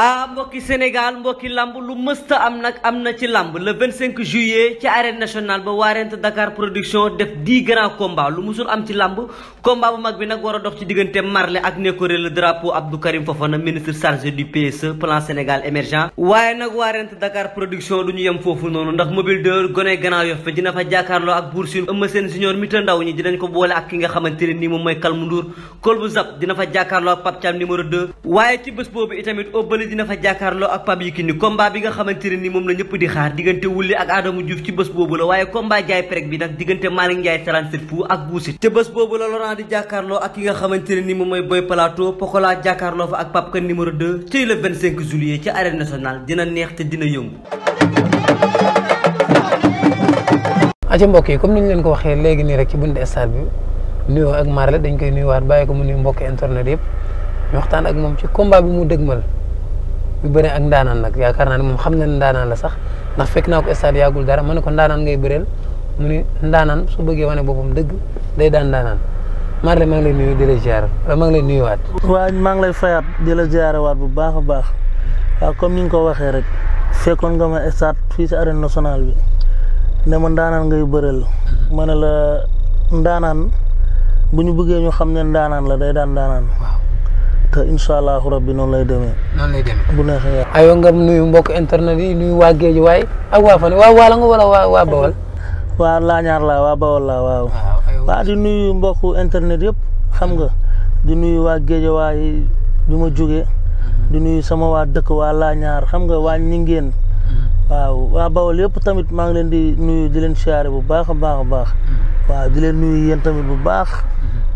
ah mbokki Sénégal mbokki lamb lu mësta am nag am na ci lamb le 25 juillet ci arène nationale ba waarent Dakar production def 10 grands combats lu musul am ci lamb combat bu mag bi nag war a dox ci diggante Marley ak Nékoré le drapeau Abdou Karim Fofana ministre chargé du PSE plan Sénégal émergent waaye nag waarent Dakar production du ñu yem foofu noonu ndax mobile de gone Grand Yoff fa dina fa jàkkaarloo ak Bour Sine Eumeu Sène junior mi ta ndaw ñi dinañ ko boole mooy Kalmu Ndour Kolbu Zap dina fa jàkkaarloo ak dina fa jàkkaarloo ak Pape Yekini combat bi nga xamante ne ni moom la ñëpp di xaar diggante Wouly ak Adama Diouf ci bés boobu la waaye combat jaay prek bi nag diggante Malick Ndiaye 37 fou ak Boussine te bés boobu la Laurent di jàkkaarloo ak ki nga xamante ne ni moom mooy Boy Plateau Pokola jàkkaarloo fa ak Pape Kane numéro 2 ci le 25 juillet ci arène nationale dina neex te dina yëngu aca mbokk yi comme ni ñu leen ko waxee léegi nii rek ci bunt stade bi nuyoo ak Marley dañ koy nuyuwaat bàyyi ko mu nuyu mbokk internet yëpp ñu waxtaan ak moom ci combat bi mu dëgmal bu bëree ak ndaanaan nag yaakaar naa ne moom xam na ne ndaanaan la sax ndax fekk naa ko stade yàggul dara ma ne ko ndaanaan ngay bëreel mu ni ndaanaan su bëggee wane boppam dëgg day daan ndaanaan Marley maa ngi lay nuyu di la ziar euh, maa nuyuwaat. waaw maa ngi fayaat di la bu baax a baax waaw comme ni nga ko waxee rek fekkoon nga ma stade fii si arène nationale bi ne ma ndaanaan ngay bëreel ma ne la ndaanaan bu ñu bëggee ñu xam ne ndaanaan la day daan ndaanaan. waaw te incha allahu rabbi noonu lay demee. noonu lay demee bu neexee yàlla. nga nuyu mbokk internet yi nuyu waa géej waay ak waa fan waa waala nga wala waa waa bawal. waa la laa waa bawal laa waaw. waa di nuyu mbokku internet yëpp xam nga di nuyu waa géej waay bi ma jógee. Mhm. di nuyu sama waa dëkk waa laañaar xam nga waa ñingeen. Mhm. waaw waa bawal yëpp tamit maa ngi leen di nuyu di leen siyaare bu baax a baax a baax. Mhm. waaw di leen nuyu yéen tamit bu baax.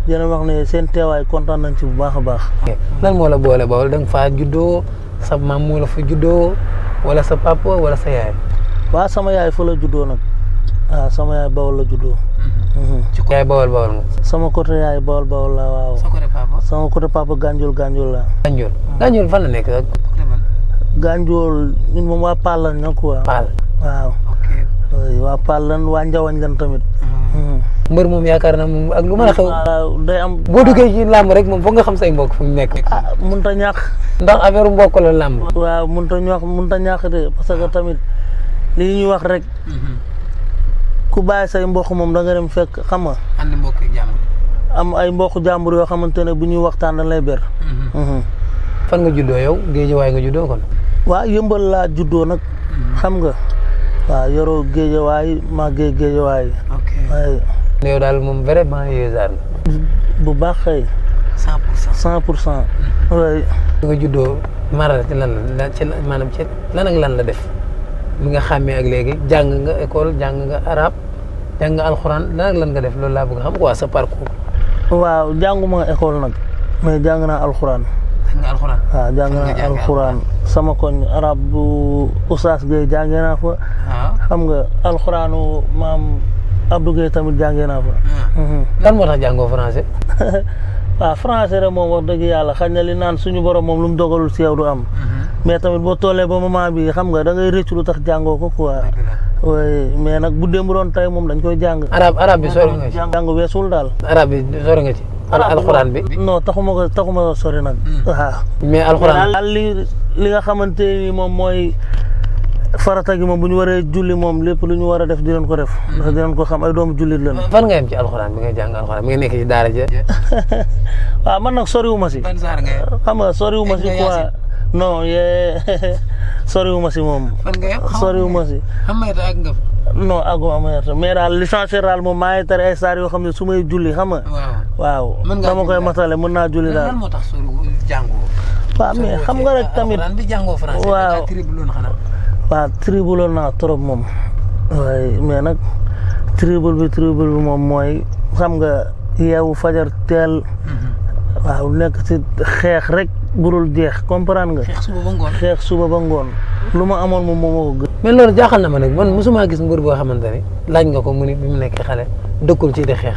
di leen wax ne seen teewaay kontaan nañ ci bu baax a baax. nan moo la boole Bawol da nga faa juddoo sa maam moo la fa juddoo wala sa papa wala sa yaay. waaw sama yaay fo la juddoo nag waaw ah, sama yaay Bawol la juddoo. Mm-hmm. Mm-hmm. ci côté yaay Bawol Bawol nga. sama côté yaay Bawol Bawol la waaw. sa côté papa. sama côté papa Gandiol Gandiol la. Gandiol Gandiol fan la nekk ak. Gandiol ñun moom waa Paal lan ñu quoi. Paal waaw. waa Paal lan waa Njawañ lan tamit. Mm-hmm. mbër moom yaakaar na moom ak lu mën a am boo duggee ci làmb rek moom foog nga xam say mbokk fu mu nekk. ah mënut a ñàkk. ndax làmb. waaw mënut a ñàkk mënut a ñàkk de parce tamit li ñuy wax rek. Mhm. ku bàyyi say mbokk moom da nga dem fekk xam nga. ànd mbokk jàmbur. am ay mbokk jàmbur yoo xamante ne bu ñuy waxtaan dañ lay ber. Mhm. Mhm. fan nga juddoo yow géejawaay nga juddoo kon. waaw yëmbal laa juddoo nag. xam nga. waaw yoroo géejawaay màggee géejawaay. ok yow daal moom vraiment yeesaar nga. bu baax xëy. cent pour cent cent pour cent. Mm-hmm. nga juddoo mara ci lan la ci maanaam ci lan lan la def mi nga xame ak léegi jàng nga école jàng nga arab jàng nga alxuraan lan lan nga def loolu laa bëgg xam quoi sa parcours. waaw jànguma école nag mais jàng naa alxuraan. waaw jàng naa alxuraan sama koñ arab bu Oustaz Gueye jàngee naa fa. Ah. xam nga alxuraanu maam. Abdou Gueye tamit jàngee naa fa. lan ah. moo tax jàngoo français. waaw français rek moom wax dëgg yàlla xañ na li naan suñu borom moom lu mu dogalul si yow du am. Mm-hmm. mais tamit boo tollee ba moment bi xam nga da ngay rëccu lu tax ko quoi. oui mais nag bu démb doon tey moom dañ koy jàng. arab arab bi sori nga ci jàng weesul daal. arab bi sori nga ci. alxuraan bi non nag. Mm. waaw mais alxuraan. daal li li nga xamante ni moom mooy. farata gi moom bu ñu waree julli moom lépp lu ñu war a def dinañ ko def ndax dinañ ko xam ay doomu jullit lañ. fan nga yem ci alxuraan bi nga jàng alxuraan bi nga nekk ci daara ja. waaw ah, man nag soriwuma si. ban saar nga xam nga soriwuma si quoi non wu soriwuma si moom. fan nga yem soriwuma si. xam nga ak nga. ma amayata mais daal l'essentiel daal moom maa ngi ay saar yoo xam ne su may julli xam nga. waaw dama koy matale mën naa julli daal. lan moo tax soriwul jàngoo. xam nga rek tamit. alxuraan bi jàngoo français. waaw waa tribuloon naa trop moom waaye mais nag tribul bi tribul bi moom mooy xam nga yeewu fajar teel. Mm-hmm. waaw nekk ci xeex rek burul jeex comprendre nga. xeex suba ba ngoon xeex suba ba ngoon. lu ma amoon moom moo ko gën. mais na ma nag man gis mbër boo xamante ne laaj nga ko mu ni bi nekk xale dëkkul ci di xeex.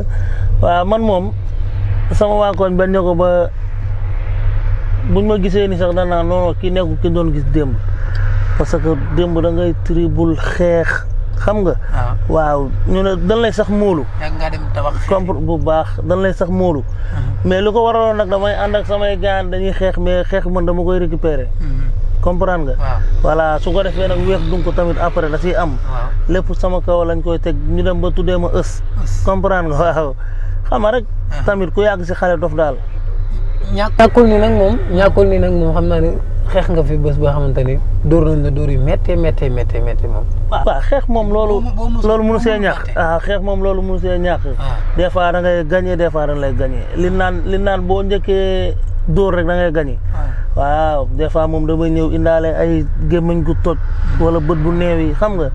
waaw man moom sama waa koñ bañ ne ko ba buñ ma gisee ni sax danaa non non kii nekkul ki doon gis démb. parce que démb da ngay tribul xeex xam nga. Ah. waaw ñu ne dañ lay sax moolu. nga dem tabax compre bu baax dañ lay sax moolu. Uh-huh. mais lu ko waraloon nag damay ànd ak samay gaan dañuy xeex mais xeex man dama koy récupérer. Uh-huh. comprendre nga. voilà su ko defee nag weex dunk tamit après da ciy am. lépp sama kaw lañ koy teg ñu dem ba tuddee ma ës. comprendre nga waaw xam rek. Uh-huh. tamit ku yàgg si xale dof daal. ñàkkul moom ñàkkul ni nag moom xam naa ne. xeex nga fi bés boo xamante ni dóor nañ la dóor yu méttee méttee méttee méttee moom. waaw xeex moom loolu. loolu mënu see ñàkk ah xeex moom loolu mënu see ñàkk. Ah. des fois da ngay gagné fois da lay gagné li naan li boo njëkkee dóor rek da ngay gagné. Ah. waaw des fois moom damay ñëw indaale ay gémmiñ gu toj wala bët bu néew yi xam nga.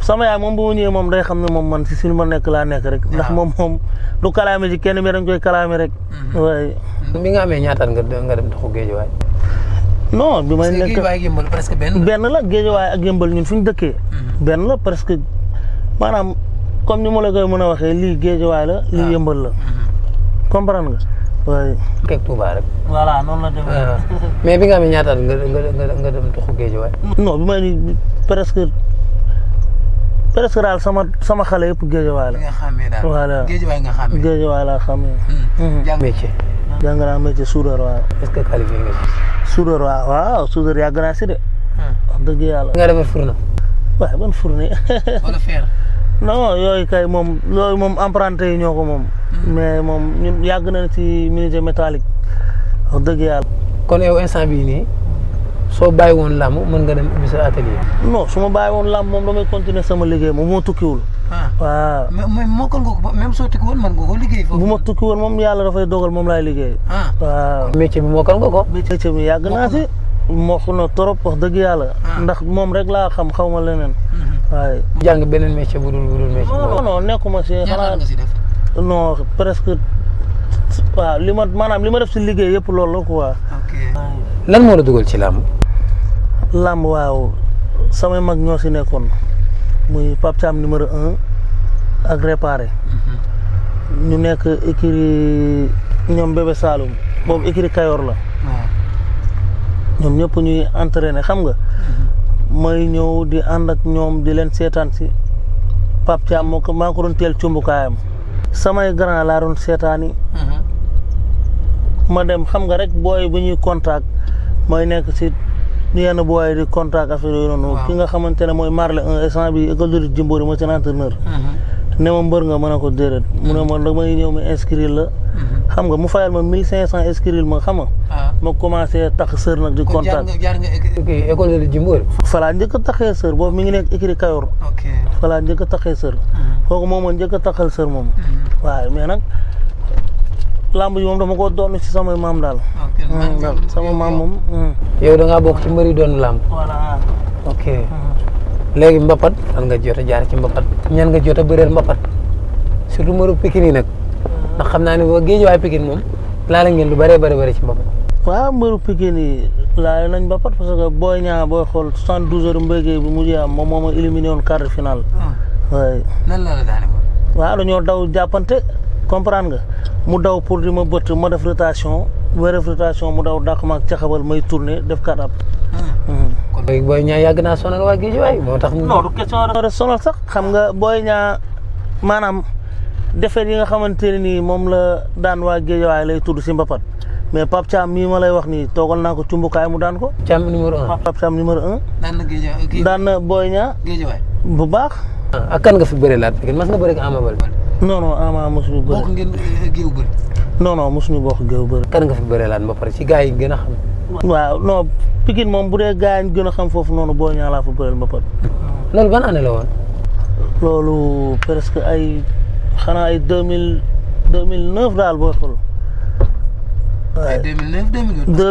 sama yaay moom bu ma ñëwee moom day xam ne moom man si suñu ma nekk laa nekk rek. ndax ah. moom moom du kalaame ci kenn mais dañ koy kalaame rek. Mm-hmm. waaye. bi nga amee ñaataat nga dem nga dem taxu géej waay non bi may nekk benn la waay ak yëmbal ñun fu ñu dëkkee. Mm-hmm. benn la que maanaam comme ni ma la koy mën a waxee lii géejawaay la lii ah. yëmbal la mm-hmm. comprendre nga. waaye teg Touba la demee. Ah. bi nga xam ne nga nga nga dem tuxu géejawaay. non bi may ni presque presque daal sama xale yëpp géejawaay la. nga xàmmee daal voilà géejawaay nga xàmmee. géejawaay laa xàmmee. Mm. Mm-hmm. jàng métier. jàng naa métier soudeur waaw. est-ce que suudar waaw waaw suudar yàgg naa si de. Hmm. wax dëgg yàlla. nga defar fourneau. waaw ban fourneau. wala fer. non yooyu kay moom yooyu moom emprunté yi ñoo ko moom. Hmm. mais moom ñun yàgg nañ si menuisier métallique wax dëgg yàlla. kon yow instant bii nii soo bàyyi woon làmb mën nga dem ubbi sa atelier. non su ma bàyyi woon làmb moom damay continuer sama liggéey moom moo tukkiwul. Ah. waaw mais mokkal nga ko ba même soo tukki woon mën nga ko liggéey foofu. bu ma tukki woon moom yàlla dafay dogal moom laay liggéey. Ah. waaw métier bi mokkal nga ko. métier bi yàgg naa si. mokk na trop wax dëgg yàlla. Ah. ndax moom rek laa xam xaw ma leneen. Mm-hmm. waaye. jàng beneen métier bu dul bu dul métier. non non nekkuma si. xanaa non presque. waaw li ma maanaam li ma def si liggéey yëpp loolu la quoi. ok lan moo la dugal ci làmb. làmb waaw samay mag ñoo si nekkoon muy Pape Thiam numéro un. ak réparé. ñu nekk écurie ñoom Bébé Saloum boobu écurie Kayor la. ñoom ñëpp ñuy entraîné xam nga. Mm-hmm. may ñëw di ànd ak ñoom di leen seetaan si Pape Thiam ko maa ko teel cumbukaayam. samay grand laa seetaani. Mm-hmm. ma dem xam nga rek booy bu ñuy contact mooy nekk si yenn booy di contact affaire yooyu noonu. ki nga xamante ne mooy Marley un instant bi école de lutte Djimbory mooy seen ne ma mbër nga ma a ko déedéet mu ne ma damay ñëw ma inscrire la mhm. xam nga mu fayal ma mille cinq cent inscrire ma xam nga ah. ma commencé tax sër nag di contact école de falaa njëkk a taxee mi ngi nekk écrit Kayor falaa njëkk a taxee sër kooku mhm. moom ma njëkk a taxal sër moom mhm. waaw mais nag lamb yi moom dama ko doon si sama maam daal sama maam moom yow da ngaa bokk ci mbëri doon lamb léegi mbapat lan nga jot jaar ci mbapat ñan nga jot a bëreel mbapat surtout mbaru Pikine yi nag ah. ndax xam naa ne waa géej waay Pikine moom laale ngeen lu bëree bëri bëri ci mbapat waaw mbaru Pikine laa laale nañ mbapat parce que booy ñaa booy xool soixante-douze heures mbéygéey mujjee am moom mooma éliminé woon quart de finale waaye ah. nan la la daane waaw dañoo daw jàppante comprendre nga mu daw pour di ma bëtt ma def rotation wéer mu daw dàq ma ak caxabal may tourner def kat kon léegi booy ñaa yàgg naa sonal waa géej waay moo tax. non du question rek xam nga booy ñaa maanaam defet yi nga xamante ne nii moom la daan waa géej waay lay tudd si mbapat mais Pape Thiam mii ma lay wax nii toogal naa ko cumbukaay mu daan ko. Thiam numéro a Pape Thiam numéro daan na géej booy ñaa. bu baax. Ah, ak kan nga fi bëri laat mas nga bëri ak Ama Baldé non non Ama mosuñu bëri bokk ngeen eh, géew bëri. non mosuñu bokk géew bëri. kan nga fi bëree laan ba pare ci gaa yi gën a xam. waaw non Pikine moom bu dee gaa yi gën a xam foofu noonu boo ñaala fa bëreel ba pare. loolu ban année woon. loolu presque ay xanaa ay deux mille deux mille neuf daal boo xool. ay deux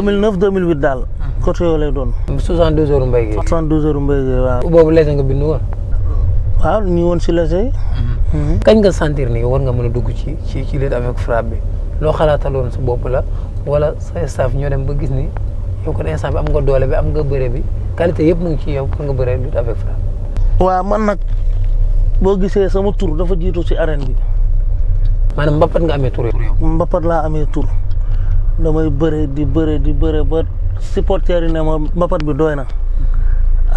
mille neuf deux mille daal. Mm-hmm. côté yooyu lay doon. soixante deux mbay gi. soixante waaw. boobu lese nga bind woon. waaw ñu woon si lese. kañ nga sentir nii war nga mën a dugg ci ci ci lutte avec frappe bi loo xalaataloon su bopp la wala sa staff ñoo dem ba gis ni yow kon instant bi am nga doole bi am nga bëre bi qualité yëpp mu ngi ci yow pour nga bëre lutte avec frappe. waa man nag boo gisee sama tur dafa jiitu ci arène bi. maanaam mbapat nga amee tur yow. laa amee tur damay bëre di bëre di bëre ba supporters yi ne ma mbapat bi doy na. Mhm.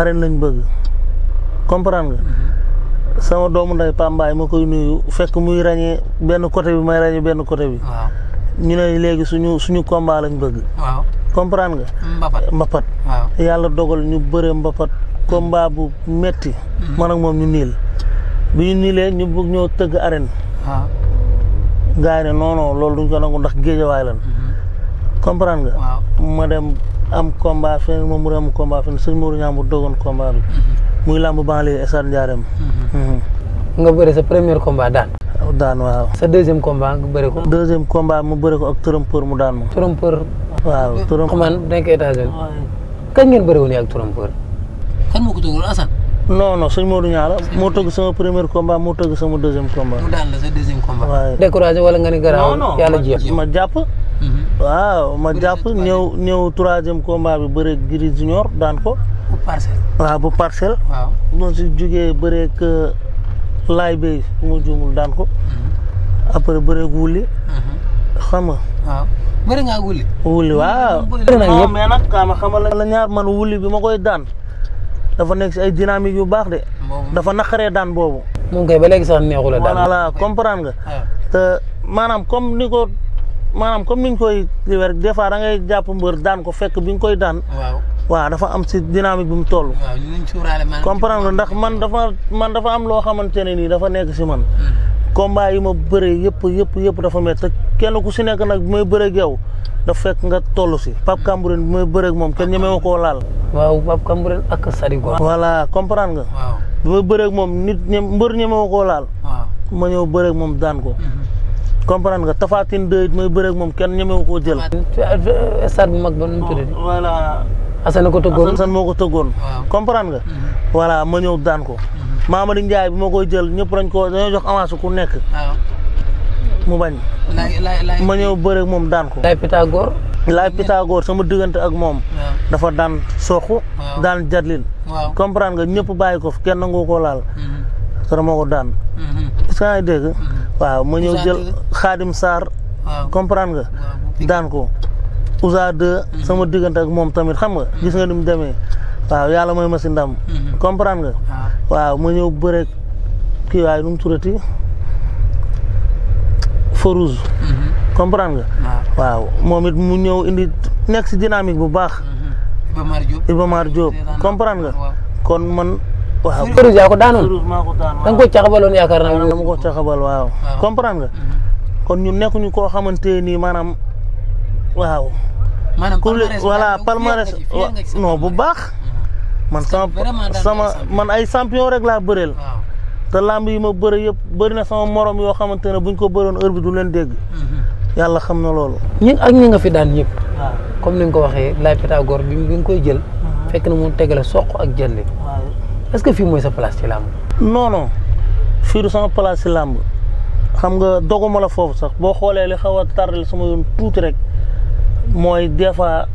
arène lañ bëgg comprendre nga. Mhm. sama doomu nday Pambaay ma koy nuyu fekk muy ràññee benn côté bi may ràññee benn côté bi. waaw ñu ne léegi suñu suñu combat lañ bëgg. waaw comprendre nga. Mbapat yàlla dogal ñu bëre Mbapat combat bu metti mm-hmm. man ak moom ñu niil bi ñu niilee ñu bëgg ñoo tëgg arène. waaw ne non non loolu duñ ko nangu ndax géejawaay lan. Mm-hmm. comprendre nga. ma dem am combat fenn moom mu dem am combat fenn sëñ Mourou mu dogoon combat muy làmb banlieue Estade Ndiarème. Mm-hmm. nga bëri sa premier combat daan. daan waaw. sa deuxième combat nga ko. deuxième combat mu bëri ko ak trompeur mu daan moom. trompeur. waaw trompeur xamaan dañ koy États-Unis. kañ bëri woon ak trompeur. kan moo ko tëggoon Assane. non non sëñ Modou moo tëgg sama premier combat moo tëgg sama deuxième combat. mu daan la sa deuxième combat. waaw découragé wala nga ni garaaw. non non yàlla jéem ma jàpp. Mm-hmm. waaw ma jàpp ñëw ñëw troisième combat bi bëri Gris Junior daan ko. Ah, bu parcelle. waaw bu parcelle. waaw ñoo si jugee bëreeg euh, laay bay bu ma juumul daan ko. Mm-hmm. wulli. Mm-hmm. xam nga. waaw bëri ngaa wulli. wulli mm-hmm. waaw. bëri na ñëpp mais nag kaama la ñaar man wulli bi ma koy daan dafa nekk si ay dynamique yu baax de. dafa naqaree daan boobu. moom kay ba léegi sax neexu la daan. voilà comprendre nga. maanaam comme ni ko. maanaam comme niñ koy liwér des ngay jàpp mbër daan ko fekk bi nga koy daan waaw waaw dafa am si dynamique bi mu toll comprendre ndax man dafa man dafa am loo xamante ne nii dafa nekk si man hmm. combat yi ma bëree yëpp yëpp yëpp dafa métti kenn ku si nekk nag bi may bëree ak dafa fekk nga toll si Pape hmm. Cambourine bi may bëree ak moom kenn ñeme ma koo laal waaw Pape Cambourine ak Sarigo voilà comprendre nga bi may bëree moom nit ñem mbër ñeme ma koo laal ma ñëw bëree moom daan ko hmm. comprendre nga tafaatin dëyit mooy bëreeg moom kenn ñemewu koo jël. stade bu mag ba nu mu tuddati. Oh, voilà. Assane ko tëggoon Assane moo ko tëggoon. comprendre nga. Mhm. voilà ma ñëw daan ko. Mhm. Mamadou Ndiaye bi ma koy jël ñëpp dañ ko dañoo jox avance ku nekk. mu bañ. ma ñëw bëreeg moom daan ko. Laay Pythagore. Laay sama diggante ak moom. dafa daan soxu. daan jadlil. comprendre nga ñëpp bàyyi ko fi kenn nangu koo laal. te mhm. dama ko daan. est-ce que waaw ma ñëw jël xaadim Sarr. comprendre nga. daan ko. Ousa 2. Mhm. sama diggante moom tamit xam nga. Mhm. gis nga ni mu demee. waaw yàlla mooy ma si ndam. Mhm. comprendre nga. waaw ma ñëw bëre kii waaye nu mu turati Farouz. comprendre nga. waaw moom it mu ñëw indi nekk si dynamique bu baax. Iba Mar Diop nga kon man. waaw Farouz yaa ko daanoon Farouz maa ko daan da nga ko caxabaloon yaakaar naa. dama ko caxabal waaw. comprendre nga. kon ñun nekkuñu koo xamante ni maanaam waaw. maanaam palmarès voilà palmarès non bu baax. man sama sama man ay champion rek laa bëreel. te làmb yi ma bëre yëpp bëri na sama morom yoo xamante ne buñ ko bëroon heure bi du leen dégg. Mhm. yàlla xam na loolu. ñi ak ñi fi daan ñëpp. comme ni nga ko waxee laay Pythagore bi bi nga koy jël. Mhm. fekk na mu tegale soq ak jënd. est-ce que fii mooy sa place ci làmb. non non fii du sama place ci làmb xam nga doguma la foofu sax boo xoolee li xaw a tardé sama yoon tuuti rek mooy des fois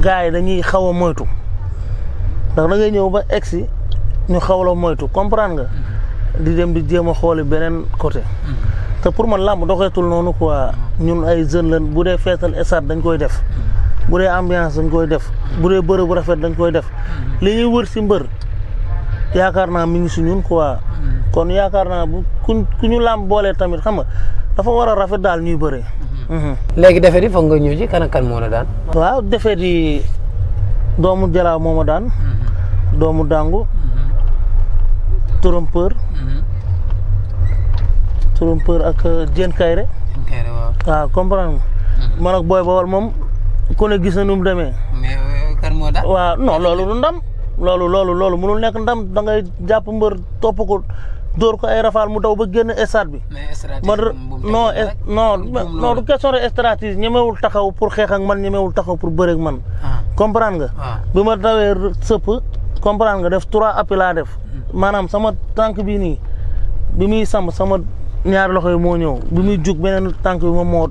gars yi dañuy xaw a moytu ndax da ngay ñëw ba egsi ñu xaw la moytu comprendre nga. Mm-hmm. di dem di jéem a xooli beneen côté. Mm-hmm. te pour man làmb doxeetul noonu quoi mm-hmm. ñun ay jeunes lañ bu dee feetal stade dañ koy def. bu dee ambiance dañ koy def. bu dee bërëb bu rafet dañ koy def. li ñuy wër si mbër. yaakaar naa mi ngi si ñun quoi. Mm-hmm. kon yaakaar naa bu ku ku ñu làmb boolee tamit xam nga dafa war a rafet daal ñuy bëree. Mm-hmm. Mm-hmm. léegi defet yi foog nga ñëw ci kan ak kan moo la daan. waaw defet yi doomu Jalaaw moo ma daan. doomu Dangu. trompeur. trompeur ak euh, Diène Kayre. waaw ah, comprendre nga. man ak booy bawal moom ku ne gis na nu mu demee. mais euh, kan waaw non loolu du loolu loolu loolu mënul nekk ndam da jàpp mbër topp ko dóor ko ay rafaal mu daw ba génn stade bi. ma non non non du question de stratégie ñemewul taxaw pour xeex ak man ñemewul taxaw pour bëre ak man. Ah. comprendre nga. Ah. bi ma dawee sëpp comprendre nga def trois appels laa def. Hmm. maanaam sama tànk bii nii bi muy sam sama ñaari loxo yi moo ñëw bi muy jug beneen tànk bi moom moo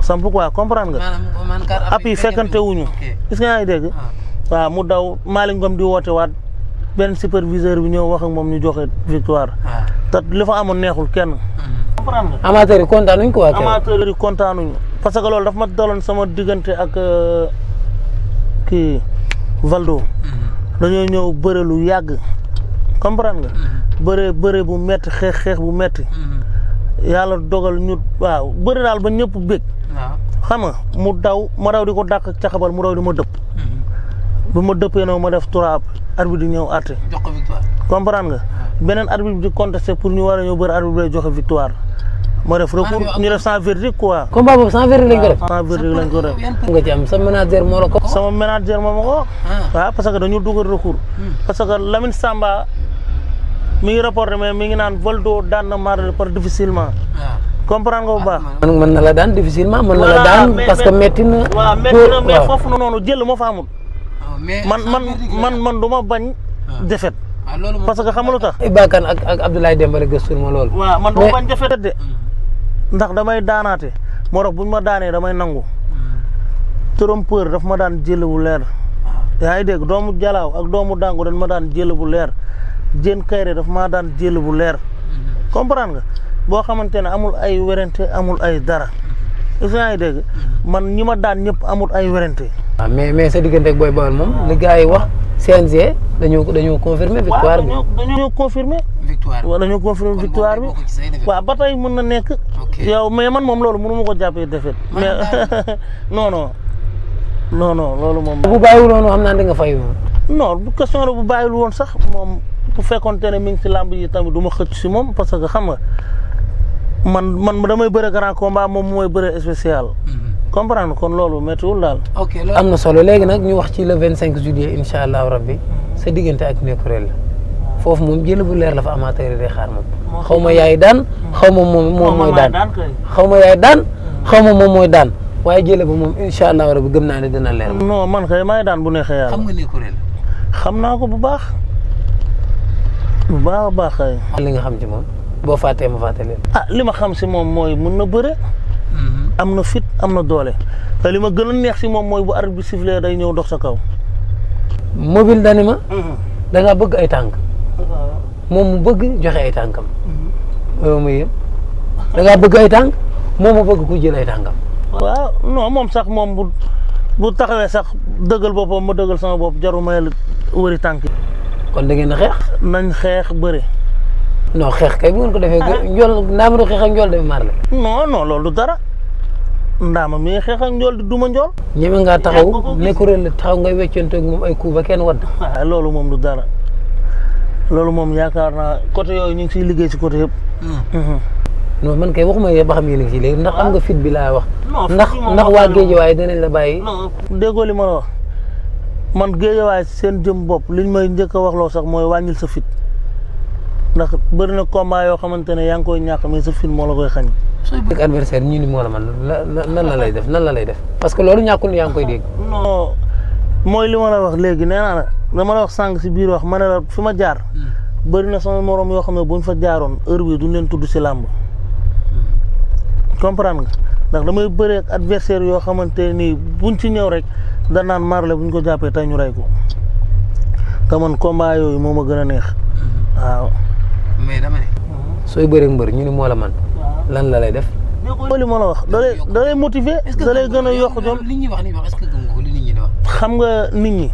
samp quoi comprendre nga. maanaam man wuñu. gis nga yaa ngi waaw mu daw Malick Ngom di woote waat benn superviseur bi ñëw wax ak moom ñu joxe victoire. Ah. te li fa amoon neexul kenn. Mm-hmm. comprendre nga. amateurs yi ko waa parce que loolu daf ma daloon sama diggante ak euh, kii Valdo. Mm-hmm. dañoo ñëw bëre lu yàgg. comprendre nga. Mm-hmm. bëre bu metti xeex xeex bu metti yàlla dogal ñu waaw bëri daal ba ñëpp bég. xam mu daw ma daw di ko dàq caxabal mu daw di ma dëpp. bu ma dëppee nag ma def trois arbitre di ñëw àtte. jox ko victoire. comprendre nga. beneen arbitre di contesté pour ñu war a ñëw bëri arbitre bi lay joxe victoire. ma def recours ñu def sans verdict quoi. combat boobu sans verdict lañ ko lañ ko def. nga ci am sama manager moo ma ko. Ah. parce que dañu dugal recours. Hmm. parce que Lamine Samba mi ngi rapporté mais mi ngi naan Valdo daan na Marley par difficilement. Ah. comprendre nga bu ah, baax. mën na la daan difficilement mën na la daan. parce que métti na. waaw métti na mais man man man man du ma bañ ah. defet ah, parce que xam lu tax Iba Kane ak ak Abdoulaye Demba rek gëstu ma loolu waaw man du ma bañ defet de hmm. ndax damay daanaate moo tax buñ ma daanee damay nangu hmm. trompeur daf ma daan jël bu leer ah. yaa ngi dégg doomu jalaaw ak doomu dàngu dañ ma daan jël bu leer jën kayre daf ma daan jël bu leer hmm. comprendre nga boo xamante ne amul ay werante amul ay dara isaay man ñi ma daan ñëpp amul ay werante waaw ah, mais mais sa diggante ak Boy Baol moom li yi wax CNG dañoo dañoo confirmer victoire bi dañoo confirmer victoire bi waaw dañoo waaw ba tey mën na nekk yow mais man moom loolu mënu ma ko jàppee défaite mais non non non non loolu moom bu bàyyiwul woon xam naa di nga fayu non bu question la bu bàyyiwul woon sax moom bu fekkoonte ne mi ngi si làmb yi tamit du ma xëcc si moom parce que xam nga man man damay bëre grand combat moom mooy bëre spécial. Mhm. comprendre kon loolu méttiwul daal. ok loolu am na solo léegi nag ñu wax ci la vingt cinq juillet incha allahu rabbi mhm. sa diggante ak Nekkureel foofu moom jël leer la fa amateur yi day xaar moom. xaw ma yaay daan. Mhm. xaw ma moom moom mooy daan xaw ma yaay daan. xaw ma moom mooy daan. waaye jële ba moom incha allahu rabbi gëm naa ne dina leer. non man kay maay daan bu neexee yàlla. xam nga Nekkureel. xam naa ko bu baax bu baax a baax kay. nga xam ci moom. boo fàttee ma fàtte leen. ah li ma xam si moom mooy mun na bëre. Mhm. am na fit am na doole te li ma gën a neex si moom mooy bu arbitre bi sifflee day ñëw dox sa kaw. mobile dani ma. Mhm. da bëgg ay tànk. moom mu bëgg joxe ay tànkam. Mhm. loolu muy yëpp da ngaa bëgg bëgg ku jël ay tànkam. waaw non moom sax moom bu bu taxawee sax dëggal boppam ma dëggal sama bopp jaru ma wëri tànk yi. kon da ngeen xeex. nañ xeex bëri. non xeex kay bu ngeen ko defee. njool ndaama du xeex ak njool def marle. non non loolu dara ndaama mi xeex ak njool di duma njool. ñeme ngaa taxaw nekkuréel la taxaw ngay weccanteeg moom ay coup ba kenn wadd. Ah, loolu moom du dara loolu moom yaakaar naa côté yooyu ñu ngi siy liggéey si côté yëpp. Hmm. Hmm. non man kay waxuma yee ba xam yéen a ngi si léegi ndax am nga fit bi laa wax. ndax ndax waa géejewaay danañ la bàyyi. déggoo li ma la wax man géejewaay seen jëm bopp liñ may njëkk a waxloo sax mooy wàññil sa fit. ndax bëri na combat yoo xamante ne yaa ngi koy ñàkk mais sa la koy xañ. sooy bëgg adversaire ñu ni moo la man nan la lay def nan la lay def parce que loolu ñàkkul yaa ngi koy dégg. mooy li ma la wax léegi nee la dama sànq si biir wax ma ne la fi ma jaar. Hmm. bëri na sama morom yoo xam ne buñ fa jaaroon heure bii duñ leen tudd si làmb. Hmm. ndax damay bëree ak adversaire yoo xamante nii buñ ci ñëw rek danaan marle buñ ko jàppee tey ñu rey ko te man combat yooyu moo ma gën a neex hmm. waaw. mais dama sooy bëreeg mbër ñu ni moo la man lan la lay def. loolu ma la wax da lay da lay motiver. da lay gën a yokk jom li ñuy wax ni wax est li nit ñi xam nga nit ñi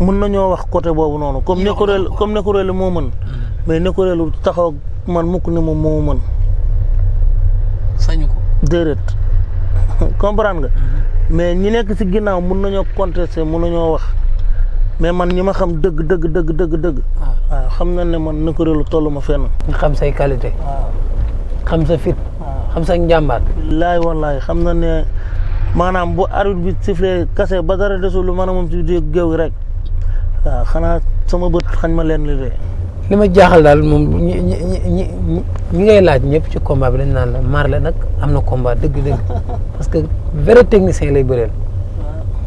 mën nañoo wax côté boobu noonu comme nekkuréel comme nekkuréel moo mën mm. mais nekkuréelu taxaw man mukk ne moom moo mën. sañu ko. déedéet comprendre nga. Mm-hmm. mais ñi nekk si ginnaaw mën nañoo contester mën nañoo wax. mais man ñi ma xam dëgg dëgg dëgg dëgg dëgg. Ah. waaw xam na ne man nëkkuréelu tollu ma fenn. nga xam say qualité. Ah. xam sa fit. Ah. xam sa njàmbaar. laay wallaay xam na ne maanaam bu arbitre bi sifflé ba dara desul lu man a moom si géew rek waaw xanaa sama bët xañ ma leen li ma jaaxal daal moom ñi ñi ñi ñi ngay laaj ñëpp ci combat bi dañ naan la Marley nag am na combat dëgg parce que vrai technicien lay bëreel.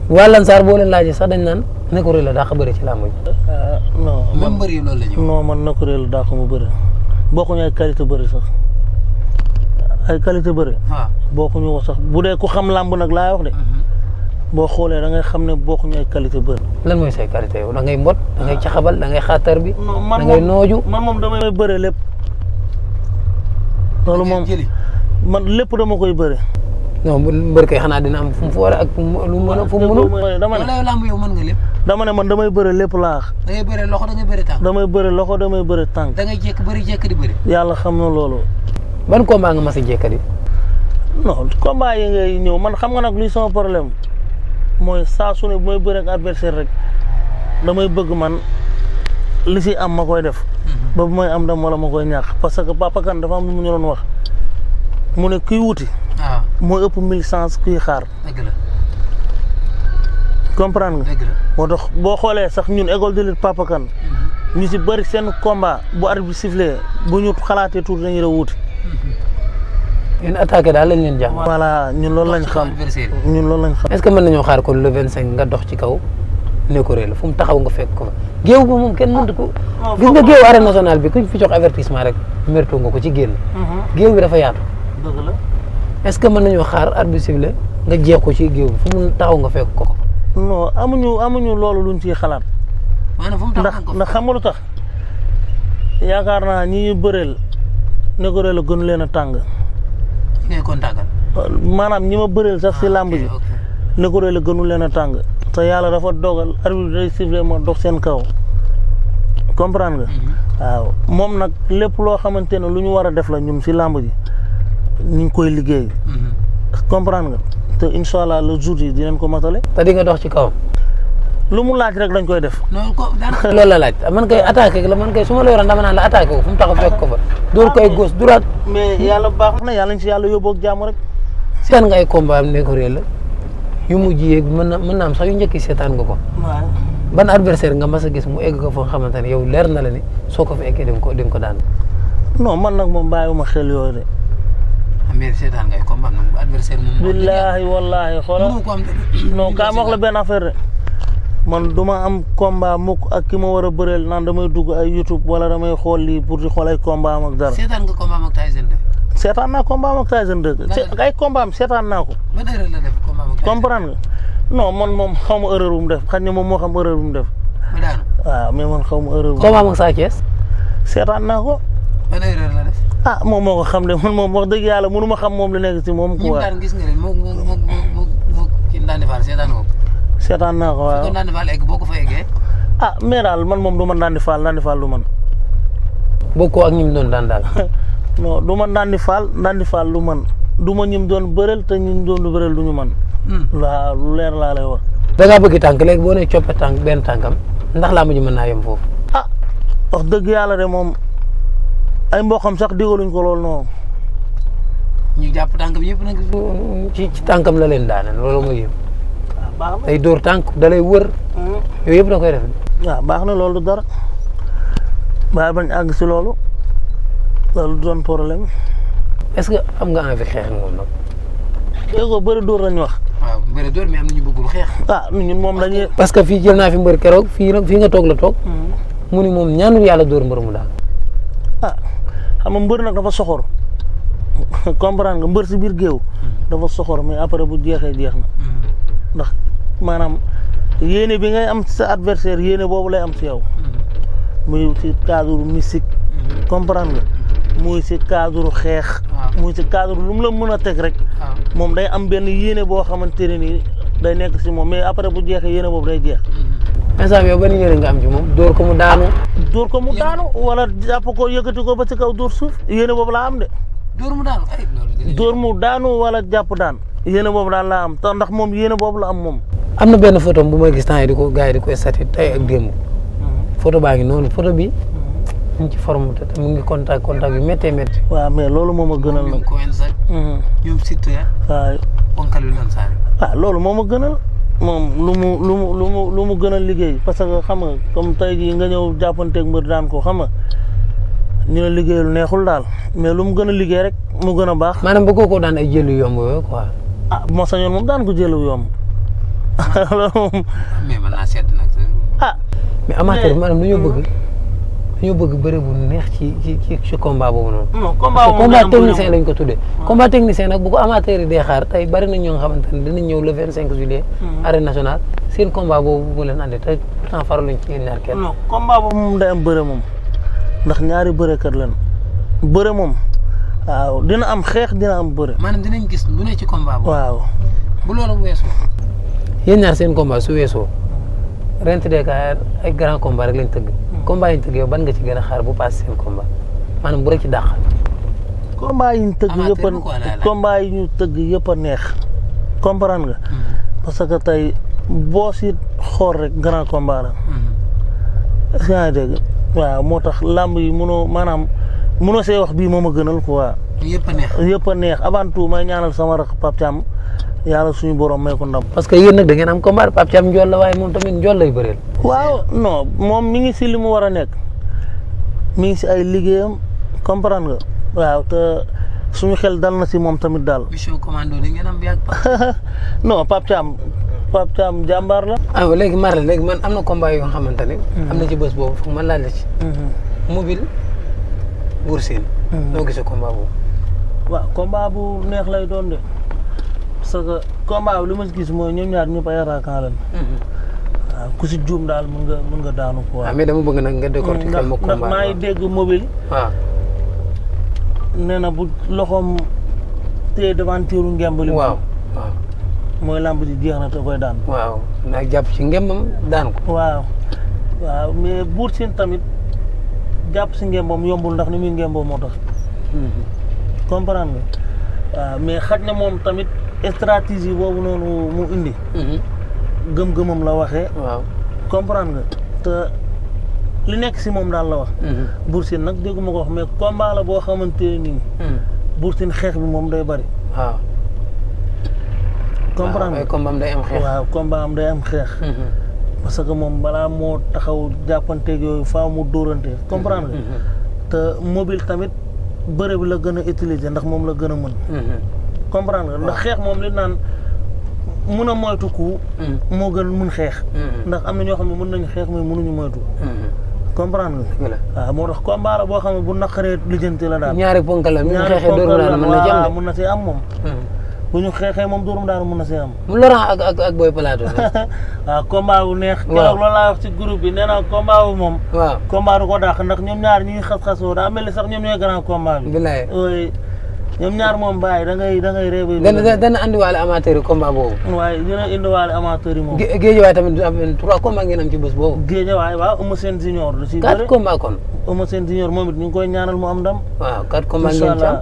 waa Lansar boo leen laajee sax dañ naan Nakourel la dàq bëri ci làmb ji. Euh, non man mbër yi loolu la ñu. non man Nakourel dàq mu bëri bokkuñu ay qualité bëri sax ay qualité bëri. waaw ah. bokkuñu ko sax bu dee ku xam làmb nag laa wax mhm. xoolee da ngay xam ne bokkuñu ay qualité lan mooy say qualité yow ngay mbot da ngay ah. caxabal da ngay bi. da ngay nooju man moom damay bëri lépp. loolu man lépp dama koy bëri. no mbër kay xanaa dina am fu mu foore ak lu mu mën a fu mu mënul. dama ne yow lamb lépp. dama ne man damay bëre lépp laax. da ngay da ngay bëre tànk. damay bëre loxo damay bëre tànk. da ngay jékki bëri di bëri. yàlla xam na loolu. ban combat nga mas a jékki di. non combat yi ngay ñëw man xam nga nag luy sama problème mooy saa su ne bu may bëre ak adversaire rek damay bëgg man li si am ma koy def. Mhm. ba bu may am dam wala ma koy ñàkk parce que Papa Kane dafa am lu mu ñu doon wax. mu ne kuy wuti. waaw ah. moo ëpp mille chance kuy xaar. dëgg la. comprendre nga. moo tax boo xoolee sax ñun école de lutte Papa Kane mhm. ñu si bëri seen combat bu arbitre bi sifflé bu ñu xalaatee tuuti dañuy doon wuti. Mhm. yéen attaqué daal lañ leen jàpp. voilà ñun loolu lañ xam ñun loolu lañ xam. est ce que mën nañoo xaar kon le 25 nga dox ci kaw nekkuree la fu mu taxaw nga fekk ko fa géew ba moom kenn mënut ko. Ah, gis nga géew arène nationale bi kuñ fi jox avertissement rek merto nga ko ci génn. Mhm. géew bi dafa yaatu. dëgg la est ce que mën nañoo xaar arbitre sifflé nga jeex ko ci géew fu mu taxaw nga fekk ko. non amuñu amuñu loolu luñ ciy xalaat. ndax ndax xam nga lu tax. yaakaar naa ñi ñu bëreel Nécko la gën leen a tàng. ngay kontaanal. maanaam ñi ma sax si ah, làmb ji. Nécko la gënu leen a tàng. te yàlla dafa dogal arbitre day seen kaw. comprendre mhm. moom nag lépp loo xamante ne lu ñu war a def la ñun si làmb ji. ni ñu koy liggéey mhm. comprendre nga te incha allah le jour yi dinañ ko matale. ta di nga dox ci kawam. lu mu laaj rek dañ koy def. loolu la laaj man kay attaqué la man kay su ma la yoroon dama naan la attaqué ko fu ko fa. dóor koy ah, góos duraat. mais yàlla baax na yàlla ñu si yàlla yóbboo ak jàmm nga ay combat ne ko réel la yu mujj yeeg mën na mën naa sax yu njëkk seetaan nga ko. ban adversaire nga mas a gis mu egg ko foo xamante ne yow leer na la ni soo ko fekkee di nga ko di ko daan. non man nag moom bàyyiwuma xel yooyu de. mais seetaan ngay combat moom billaahi wallaahi xoolal non kaa ma wax la benn affaire man duma am combat mukk ak ki ma war a bëreel naan damay dugg ay YouTube wala damay xool lii pour di xool ay combat am ak dara. seetaan nga combat am ak Tyson 2. seetaan naa am ak Tyson ko. ban def combat am ak nga non man moom xaw ma erreur bu mu def xam ne moom moo xam erreur mu def. waaw mais man xaw ma erreur bu def. combat am ak Sa Thiès. seetaan naa ko. ah moom moo ko xam ne man moom wax dëgg yàlla mënu ma xam moom lu nekk ci moom. quoi ñi gis nga leen moom moom moom moom moom kii seetaan nga naa ko waaw boo ko fa eggee. ah mais daal man moom du ma Ndande Fall Ndande Fall du man. ko ak ñi mu doon daan daal. non du man daan Fall Ndande Fall lu man du ma ñim doon bëreel te ñim doon bëreel du ñu man waaw hmm. lu leer laa lay wax. da ngaa bëgg tànk léegi boo ne coppe tànk benn tànkam ndax laa mujj mën naa yem foofu. ah wax dëgg yàlla de moom. ay mboqam sax digaluñ ko loolu noonu. ñu jàpp tànkam yëpp nag ci ci tànkam la leen daaneel loolu mooy yëpp. waaw ah, baax na ay dóor tànk da wër. Hmm. yooyu yëpp da koy def. waaw ah, baax na loolu dara baax bañ àgg si loolu loolu doon problème. est-ce que am nga envie xeex ak moom nag. déggoo bëri dóor lañ wax. waaw bëri dóor mais am na ñu bëggul xeex. ah ñun moom lañuy. parce que fii jël naa fi mbër keroog fii nag fii nga toog la toog. Hmm. mu ni moom ñaanul yàlla dóor mbër mu daal. Ah, xam nga mbër nag dafa soxor comprendre nga mbër si biir géew dafa soxor mais après bu jeexee jeex na mm-hmm. ndax maanaam yéene bi ngay am sa adversaire yéene boobu lay am si yow mm-hmm. muy si cadre mystique mm-hmm. comprendre nga muy si cadre xeex muy si cadre lu mu la mën a teg rek moom day am benn yéene boo xamante ne nii day nekk si moom mais après bu jeexe yéene boobu day jeex instant yow ban njëriñ nga am ci moom dóor ko mu daanu. dóor ko mu daanu wala jàpp ko yëkkati ko ba ci kaw dóor suuf yéene boobu laa am de. dóor mu daanu ay. dóor mu daanu wala jàpp daan. yéene boobu daal laa am ndax moom yéene boobu la am moom. am na benn photo bu may gis temps yi di ko gars yi di ko statut tey ak démb. Mhm. photo baa ngi noonu photo bi. Mhm. mu ci forme te mu ngi contact contact mais loolu moom a gënal nag. Mhm. ñoom Coen Sarr. ñoom Siteu. waaw loolu moo ma gënal. moom lu mu lu mu lu mu lu mu gën a liggéey parce que xam nga comme tey jii nga ñëw jàppanteeg mbër daan ko xam nga ñu ne liggéeyul neexul daal mais lu mu gën a liggéey rek mu gën a baax. maanaam bëggoo ko daan ay yomb yooyu quoi. ah bu ma sañoon moom daan ko jëlu yomb mais mën naa sedd nag. ah. mais ñu bëgg bëre bu neex ci ci ci combat boobu noonu. non combat boobu technicien lañ ko tuddee. combat technicien nag bu ko amateur dee xaar tey bari na ñoo nga xamante ne dinañ ñëw le vingt cinq juillet. Hmm. arène nationale seen combat boobu bu leen andi te pourtant faraluñ ci ñaar kenn. non combat bëre moom ndax ñaari bërekat lañ bëre moom waaw am xeex dina am bëre. maanaam dinañ gis lu ne ci combat boobu. waaw bu ñaar seen combat su weesoo. rent des ay grand combat rek lañ tëgg. combat yi tëgg yow ban nga ci gën a xaar bu passé seen combat maanaam bu rek ci dàq. yi tëgg yëpp a combat yi ñu tëgg yëpp a neex comprendre nga. Mhm. parce que tey boo si xool rek grand combat la. Mhm. est-ce que yaa waaw moo tax làmb yi mënoo maanaam mënoo see wax bii moom a gënal quoi. yëpp a neex yëpp a neex avant tout may ñaanal sama rakk Pape Thiam yàlla suñu borom may ko ndam. parce que yéen nag da ngeen am combat Pape Thiam njool waaye moom tamit njool lay bëreel. waaw non moom mi ngi si li mu war a nekk mi ngi si ay liggéeyam comprendre nga waaw te suñu xel dal na si moom tamit daal. mission commando ni ngeen am non Pape Thiam Pape Thiam jàmbaar la. ah léegi Marley léegi man am na combat yoo xamante ne. Mhm. am na ci bés boobu foog man laaj la ci. Mhm. mobile Bour Sine. Mhm. noo gisee lay doon de. sa que combat bi li ma gis mooy ñoom ñaar ñëpp ay attaquant lañ. Mm-hmm. ku si juum daal mën nga mën nga daanu quoi. ah mais dama bëgg nag nga décortiquer ma combat maa ngi dégg mobile. waaw ah. na bu loxoom téye devanture ngemb li. waaw jàpp ci ngembam daan ko. waaw waaw tamit jàpp si ngembam yombul ndax ni mm-hmm. waaw mais xaj na moom tamit. stratégie boobu noonu mu indi. Mhm. gëm-gëmam la waxee. waaw comprendre nga te li nekk si moom daal la wax. Mhm. Bour Sine nag dégguma ko wax mais combat la boo xamante ne nii. Mhm. xeex bi moom day bari. waaw. comprendre nga combat am day am xeex. waaw combat am day am xeex. parce que moom balaa moo taxaw jàppanteeg yooyu faaw mu dóorante comprendre nga. te mobile tamit bëre bi la gën a utiliser ndax moom la gën a mën. comprendre ndax xeex moom li naan mun a moytu ko mm. moo gën mun xeex mm-hmm. ndax am na ñoo xam ne mën nañu xeex mais mënuñu moytu mm-hmm. comprendre nga waaw moo tax combat la boo xam ne bu naqaree lijjanti la daal ñaari ponk la ñaari ponk la na see am moom mm-hmm. bu ñu xeexee moom dóorum daanu mën na see am mu Laurent ak ak ak Boy Plateau waaw combat neex keroog loolu a wax ci bi nee naa combat bu moom waaw combat du ko dàq ndax ñoom ñaar ñi ngi xas-xasoo daa mel ni sax ñoom ñooy grand combat bi ñoom ñaar moom bàyyi da ngay da ngay réew. dana dana andiwaale amateur yi combat boobu. waaye dina indiwaale amateur yi moom. gée géejewaay tamit du am trois combats ngeen am ci bés boobu. géejewaay waaw Eumeu Sène junior. lu si bëri quatre combats kon. Eumeu Sène junior moom it ñu ngi koy ñaanal mu am ndam. waaw quatre combats ngeen ci am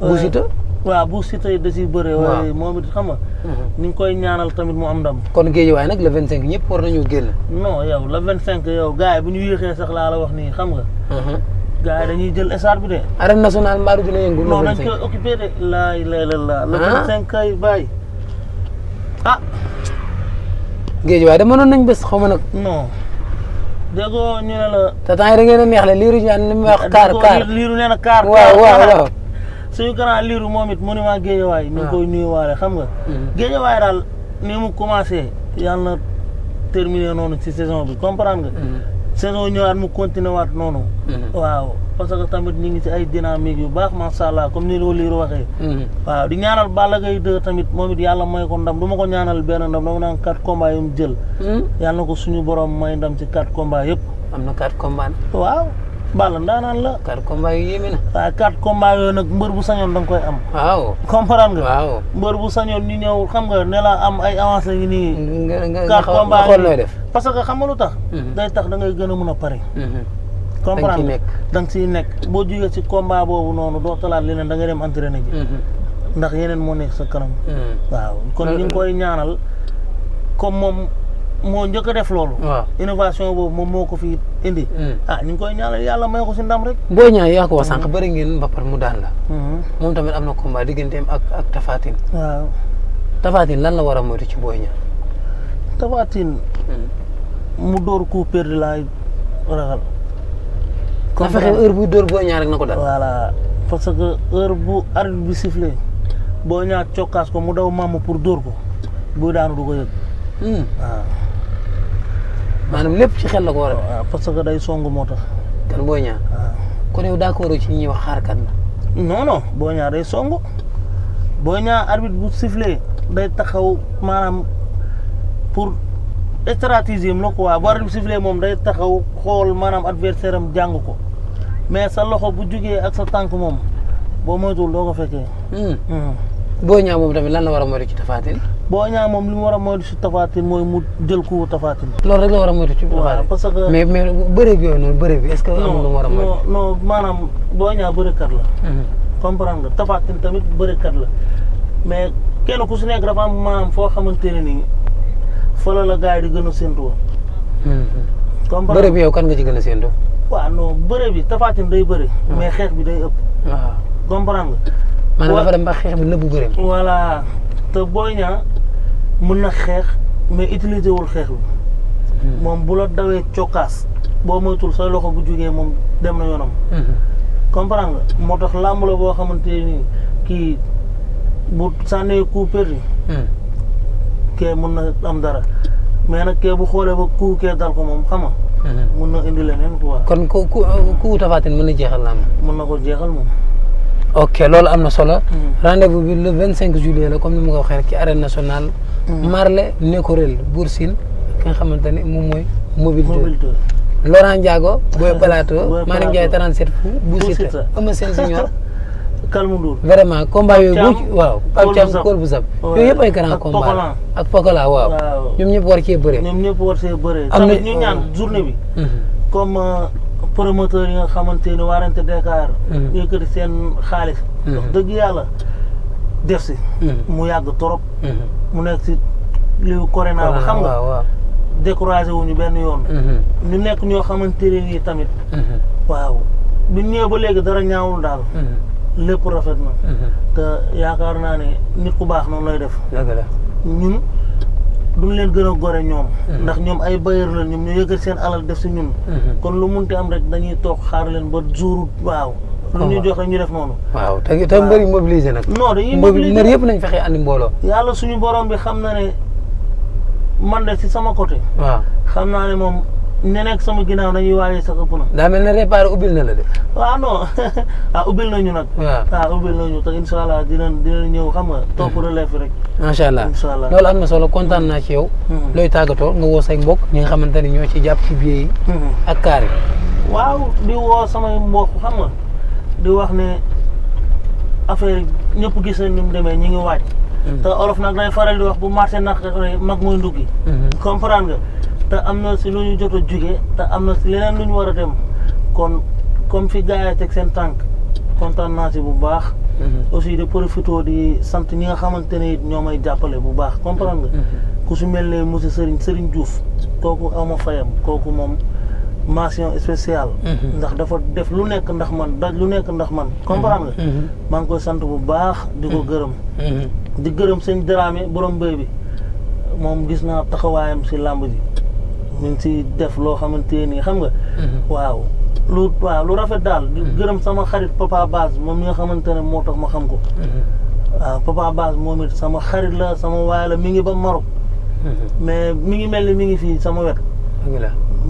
bu Siteu. Euh, waaw bu Siteu da si bëree. waaye moom it xam nga. Mhm. ñu ngi koy ñaanal tamit mu am ndam. kon géejewaay nag le vingt cinq ñëpp war nañoo génn. non yow le vingt cinq yow gars yi bu ñu yéexee sax laa la wax nii xam nga mhm. gars yi dañuy jël essar bi de. arène nationale mbaaru dina yëngu. non dañ koy occupé de. laay lay la la. le ah? vingt cinq ah. géej waaye dama noon nañ bés xaw ma nag. non. déggoo ñu ne la. te temps yii da ngeen a neexle liiru ñaan li mu wax. liiru nee na kaar. waaw waaw waaw. suñu grand liiru moom it monument géejawaay. waaw ñu ngi ah. koy nuyuwaale xam nga. Mm. géejawaay daal ni mu commencé yàlla na terminé noonu ci saison bi comprendre nga. Mm. saison ñëwaat mu continué waat noonu. Mhm. waaw parce que tamit ñu ngi ci ay dynamique yu baax macha allah comme ni loolu liir waxee. Mhm. waaw di ñaanal Balla Gaye 2 tamit moom it yàlla may ko ndam du ma ko ñaanal benn ndam dama naan quatre combats yu mu jël. Mhm. yàlla na ko suñu borom may ndam ci quatre combats yëpp. am na quatre combats. waaw. Balla ndaanaan la. quatre combats yooyu nag mbër bu sañoon da nga koy am. waaw comprendre nga. waaw mbër bu sañoon ñu ñëw xam nga ne am ay avancé yu nii. nga quatre combats xool nooy def. parce que xam nga lu tax. Mhm. day tax da ngay gën a mën a pare. Mhm. comprendre da nga ciy nekk boo jugee si combat boobu noonu doo talaat leneen da ngay dem na ji. Mhm. ndax yeneen moo nekk sa kanam. waaw kon ñu ngi koy ñaanal comme moom. moo njëkk def loolu. waaw innovation boobu moom moo ko fi indi. Hmm. ah ni ñu koy ñaanal yàlla may ko si ndam rek. boo ñaan yaa ko wax sànq hmm. bëri ngeen ba pare mu daan la. Hmm. moom tamit am na combat digganteem ak ak Tafatine. waaw lan la war a moytu ci booy ñaan. Tafatine. mu door coup perdu laay ragal. rek na ko dal. voilà parce que heure bu arbitre bi sifflé boo ñaan cokkaas ko mu daw maamu pour dóor ko buy daanu du ko yëg. maanaam lépp ci xel la ko war a def. parce que day songu moo tax. kan boo ñaar. Ah. kon yow d'accord ci ñi ñuy wax xaar kan la. boo ñaar day songu boo ñaar arbitre bu sifflé day taxaw maanaam pour stratégie am waa bu arbitre moom day taxaw xool maanaam adversaire mu jàng ko mais sa loxo bu jugee ak sa tànk moom boo moytuwul doo ko fekkee. Hmm. Hmm. boo ñaar moom tamit lan la war a moytu ci Tapha boo ñaa moom li mu war a moytu si tafaatin mooy mu jël ku tafaatin. loolu rek la war a moytu ci tafaatin. parce que mais mais bëreeg yooyu noonu bëreeg bi est ce que. amul lu mu war a moytu non non maanaam Boy la. Mhm. tamit bëreekat la mais kenn ku si nekk am foo xamante ne nii fële la yi di gën a séntu. Mhm. comprendre bëre bi yow nga ci gën a séntu. waaw non day bëri. Ah. mais xeex bi day ëpp. Ah. waaw xeex bi nëbbu bëre. voilà te Boy Niang. mun na xeex mais utiliser wul xeex bi hmm. moom bu dawee cokaas boo moytul sa loxo bu jógee moom dem na yoonam hmm. comprendre moo tax làmb boo xamante ni kii bu sànnee coup perdu hmm. kee mun na am dara mais nag kee bu xoolee ba ku kee dal ko moom xam nga mën na indi leneen quoi kon ku ku Tapha Tine mën na jeexal làmb mën na koo jeexal moom ok loolu am na solo. Mm. rendez-vous bi le vingt la comme ni ma ko waxee rek ci arène nationale. Mm. Marley Nekorel Bour Sine ki nga xamante ne moom mooy. mobile tour Laurent Ndiago. Boy Plateau Malick Ndiaye 37 fu. Bou Siteu Eumeu Sène Junior. Kalmu Ndour vraiment combat yooyu bu waaw Pape Thiam Kool bu Zab yooyu yëpp ay grand combat ak Pokola waaw ñoom ñëpp war cee bëree. bëree. promoteurs yi nga xamante ni warante Dakar. Mm. yëkkati seen xaalis. Mm-hmm. dëgg yàlla def si. Mm-hmm. mu yàgg trop. Mm-hmm. mu nekk si li corona ba xam nga. découragé wuñu benn yoon. ñu nekk ñoo xamante nii tamit. waaw bi ñëwee ba léegi dara ñaawul daal. lépp rafet na. te yaakaar naa ne nit ku baax noonu lay def. ñun. duñ leen gën a gore ñoom. Mm-hmm. ndax ñoom ay bailleur la ñoom ñu yëkkati seen alal def si ñun. Mm-hmm. kon lu munti am rek dañuy toog xaar leen ba jour waaw. lu ñu joxe ñu def noonu. waaw te te mbëri mobilisé nag. non dañuy mobilisé mbëri yëpp nañ fexe andi mbooloo. yàlla suñu borom bi xam na ne man de si sama côté. waaw xam naa ne moom. ne nekk sama ginnaaw dañuy waajee sa ëpp na. daa mel ne réparé ubbil na la de. waaw non ah ubbil nañu nag. waaw ah ubbil nañu te incha allah ñëw xam nga. topp hmm. relève rek. macha allah incha loolu am na solo kontaan naa ci yow. Hmm. looy tàggatoo nga woo say mbokk ñi nga xamante ne ñoo ci jàpp ci biir yi. Hmm. ak kaar waaw di woo samay mbokk xam nga di wax ne affaire ñëpp gis nañ ni ñu ngi waaj. te olof nag day faral di wax bu marché nag mag mooy ndugg. comprendre nga. te am na si lu ñu jot a jugee te am na si leneen lu ñu war a dem kon comme fi gars teg seen tànk kontaan naa si bu baax. Mhm. aussi de profito di sant ñi nga xamante ne it ñoo may jàppale bu baax comprendre nga. Mhm. ku si mel ne monsieur Serigne Serigne Diouf kooku ama fayam kooku moom mention spéciale. Mhm. ndax dafa def lu nekk ndax man daj lu nekk ndax man. comprendre nga. maa ngi koy sant bu baax. di ko gërëm. di gërëm sëñ Dramé borom mbéy bi moom gis naa taxawaayam si làmb ji. ñu ngi siy def loo xamante ni xam nga. Mhm. waaw lu waaw lu rafet daal. Mhm. gërëm sama xarit papa Base moom mi nga xamante ne moo tax ma xam ko. Mhm. waaw papa Base moom it sama xarit la sama waay la mi ngi ba Maroc. mais mi ngi mel ni mi ngi fii sama wet.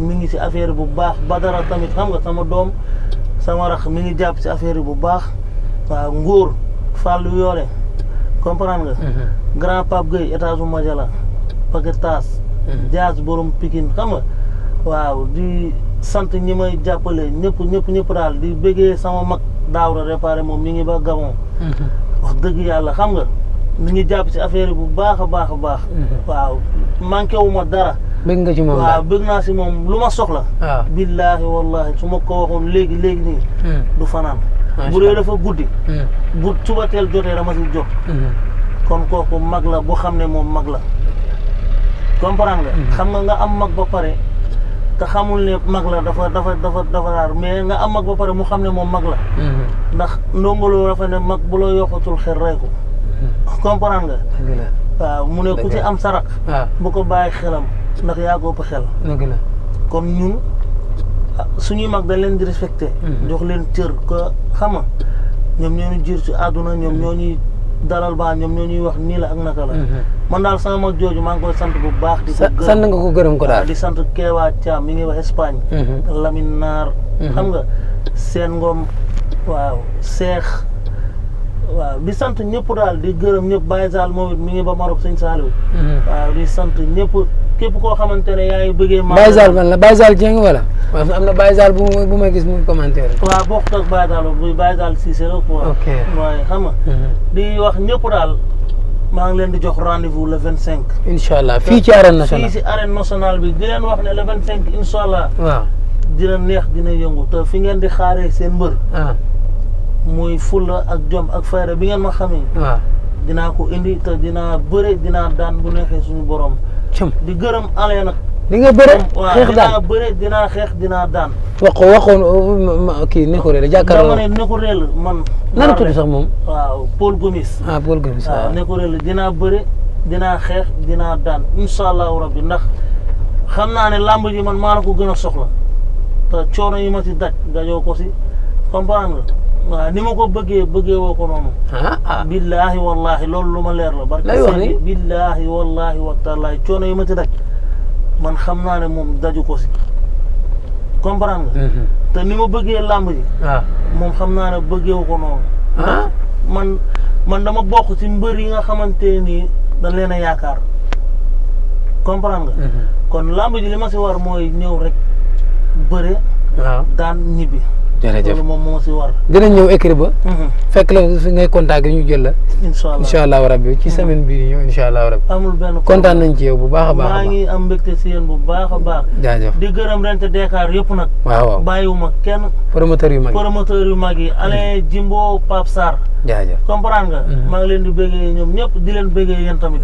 mi ngi si affaire bu baax Badara tamit xam nga sama doom sama rax mi ngi jàpp si affaire bu baax. waaw Ngóor Fallou yoole comprendre nga. grand Pape Gueye étage bu Majala Paquetas. Mmh. jaas borom pikin xam nga waaw di sant ñi may jàppale ñëpp ñëpp ñëpp daal di bëggee sama mag daawra réparé moom mi ngi ba Gabon mmh. wax dëgg yàlla xam nga mi ngi jàpp ci affaire bu baax a baax a baax mmh. waaw manqué wu ma dara bëgg nga ci bëgg naa si moom lu ma soxla waaw ah. billaahi wallaahi su ma ko waxoon léegi léegi nii du fanaan bu dee dafa guddi bu suba teel jotee dama si jot kon kooku mag la boo xam ne moom mag la comprendre nga. Mhm. xam nga nga am mag ba pare te xamul ne mag la dafa dafa dafa dafa raar mais nga am mag ba pare mu xam ne moom mag la. Mhm. ndax ndongolo dafa ne mag bu la yokkatul xel rey ko. Mhm. comprendre nga. waaw mu ne ku ci am sarak. Ah. bu ko bàyyi xelam ndax yaa ko ëpp xel. kon ñun ah, suñuy mag dañ leen di respecté. jox leen cër ko xam ñoom ñoo ñu jiir ci àdduna ñoom ñoo ñuy dalal baa ñoom ñoo ñuy wax nii la ak naka la. man daal sama mag jooju maa ngi koy sant bu baax. di ko gërëm sant nga ko gërëm ko daal ah, di sant Kewa Thiam mi ngi wax Espagne. Mhm. Lamine Naar. Mhm. xam nga seen ngoom waaw seex. waaw di sant ñëpp daal di gërëm ñëpp Baye Sall moom it mi ngi ba mhm. sant ñëpp képp koo xamante ne yaa ngi bëggee. Maroc Baye Sall man la Baye Sall Dieng wala. waaw am na Baye Sall bu ma gis muy commentaire. waaw bokkut ak Baye Sall bu Baye Sall Cissé la quoi. waaye xam nga. di wax ñëpp daal. maa ngi leen di jox rendez-vous le vingt cinq. incha allah fii ci arène nationale fii ci arène nationale bi di leen wax ne le vingt cinq incha waaw dina neex dina yëngu te fi ngeen di xaaree seen mbër. Ah. muy fulla ak jom ak fayda bi ngeen ma xamee. waaw ah. dinaa ko indi te dinaa bëre dinaa daan bu neexee suñu borom. di gërëm ale nag. ni nga bëre xeex daan waaw dinaa dinaa xeex dinaa daan. wax ko waxoon kii Nekkureel la jàkkaarloo. dama ne Nekkureel man. nan tudd sax moom. pool Paul Gomis. ah Paul Gomis dinaa bëre dinaa xeex dinaa daan incha allahu rabbi ndax xam naa ne làmb ji man maa la ko gën a soxla te coono yi ma si daj dajoo ko si comprendre nga. waaw ni ma ko bëggee bëggee woo ko noonu. Ah, ah. billaahi wallaahi loolu lu ma leer la. lay wax ni barke sëñ wa taalaay coono yi ma si daj. man xam naa ne moom daju ko si comprendre nga. Mhm. te ni ma bëggee làmb ji. waaw ah. moom xam naa ne bëggeewu ko noonu. Ah? man man dama bokk ci mbër yi nga xamante nii dañ leen a yaakaar comprendre nga. Mhm. kon làmb ji li ma si war mooy ñëw rek bëre. waaw daan ñibbi. jërëjëf loolu moom moo si war. gën a ñëw écrit ba. Mhm. fekk la fi ngay contact yi ñu jël la. incha allah incha allah rabbi ci mhm. semaine bii di ñëw incha allah rabbi. amul benn kontaan nañ ci yow bu baax a baax. maa ngi a baax. di gërëm Rent Dakar yëpp nag. waaw waaw bàyyiwuma kenn. promoteur yu mag yi promoteur yu mag yi mhm. Alain Jimbo Pape Sarr. jaajëf comprendre nga. maa ngi leen di bëggee ñoom ñëpp di leen bëggee yéen tamit.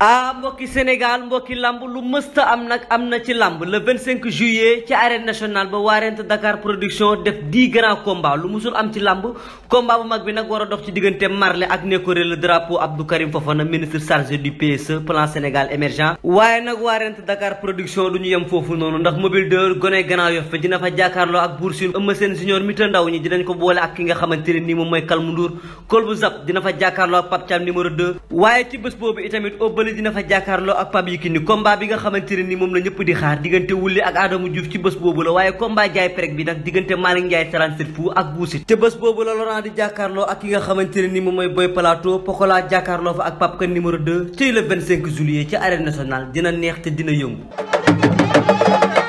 ah mbokki Sénégal mbokki lamb lu mësta am nag am na ci lamb le 25 juillet ci arène nationale ba waarent Dakar production def 10 grands combats lu musul am ci lamb combat bu mag bi nag war a dox ci diggante Marley ak Nékoré le drapeau Abdou Karim Fofana ministre chargé du PSE plan Sénégal émergent waaye nag waarent Dakar production du ñu yem foofu noonu ndax mobile de gone Grand Yoff fa dina fa jàkkaarloo ak Bour Sine Eumeu junior mi ndaw ñi boole ak ki nga ne nii moom mooy Kalmu Ndour Kolbu Zap dina fa jàkkaarloo ak Pape Thiam numéro dina fa jàkkaarloo ak Pape Yekini combat bi nga xamante ni moom la ñëpp di xaar diggante Wouly ak Adama Diouf ci bés boobu la waaye combat jaay prek bi nag diggante Malick Ndiaye 37 fu ak Boussine te bés boobu la Laurent di jàkkaarloo ak ki nga xamante ne ni moom mooy Boy Plateau Pokola jàkkaarloo fa ak Pape Kane numéro 2 ci le 25 juillet ci arène nationale dina neex te dina yëngu